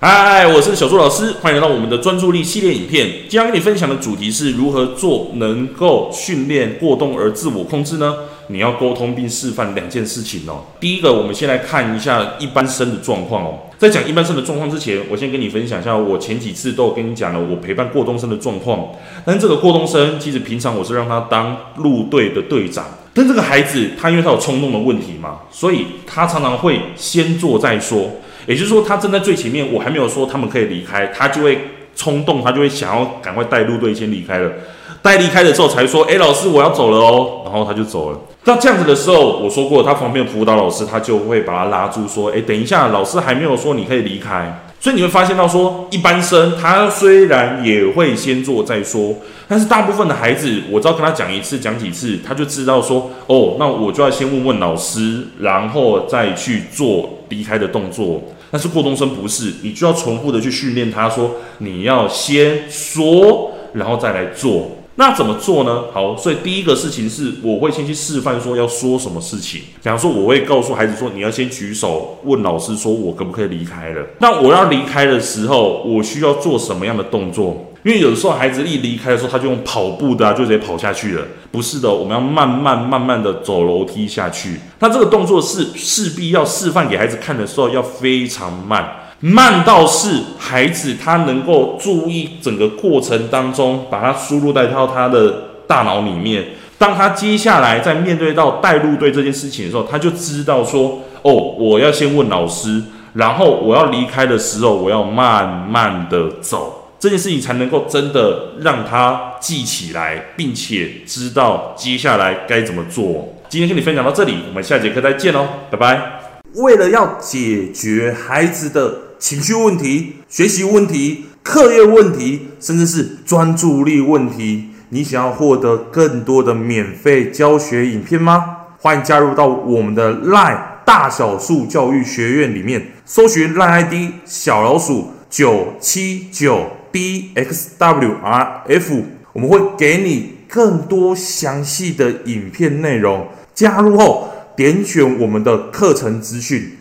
嗨，Hi, 我是小朱老師，歡迎來到我們的專注力系列影片。今天要跟你分享的主題是如何做能夠訓練過動兒自我控制呢？你要溝通並示範兩件事情哦。第一個，我們先來看一下一般生的狀況哦。在講一般生的狀況之前，我先跟你分享一下，我前幾次都有跟你講了我陪伴過動生的狀況。但是這個過動生，其實平常我是讓他當路隊的隊長，但這個孩子他因為他有衝動的問題嘛，所以他常常會先做再說。也就是說，他站在最前面，我還沒有說他們可以離開，他就會衝動，他就會想要趕快帶路隊先離開了。帶離開的時候才說：“誒，老師，我要走了哦。”然後他就走了。那這樣子的時候，我說過，他旁邊輔導老師，他就會把他拉住，說：“誒，等一下，老師還沒有說你可以離開。”所以你會發現到說，一般生他雖然也會先做再說，但是大部分的孩子，我只要跟他講一次、講幾次，他就知道說，哦，那我就要先問問老師，然後再去做離開的動作。但是過動生不是，你就要重複的去訓練他說，說你要先說，然後再來做。那怎麼做呢？好，所以第一個事情是，我會先去示範說要說什麼事情。假如說我會告訴孩子說，你要先舉手問老師說，我可不可以離開了？那我要離開的時候，我需要做什麼樣的動作？因為有的時候孩子一離開的時候，他就用跑步的啊，就直接跑下去了。不是的，我們要慢慢慢慢地走樓梯下去。那這個動作是勢必要示範給孩子看的時候，要非常慢。慢到是孩子他能夠注意整個過程當中，把他輸入到他的大腦裡面。當他接下來在面對到帶路隊這件事情的時候，他就知道說：哦，我要先問老師，然後我要離開的時候，我要慢慢的走。這件事情才能夠真的讓他記起來，並且知道接下來該怎麼做。今天跟你分享到這裡，我們下節課再見嘍，拜拜。為了要解決孩子的。情緒問題、學習問題、課業問題，甚至是專注力問題，你想要獲得更多的免費教學影片嗎？歡迎加入到我們的賴大小樹教育學院裡面，搜尋賴 ID 小老鼠九七九 DXWRF，我們會給你更多詳細的影片內容。加入後，點選我們的課程資訊。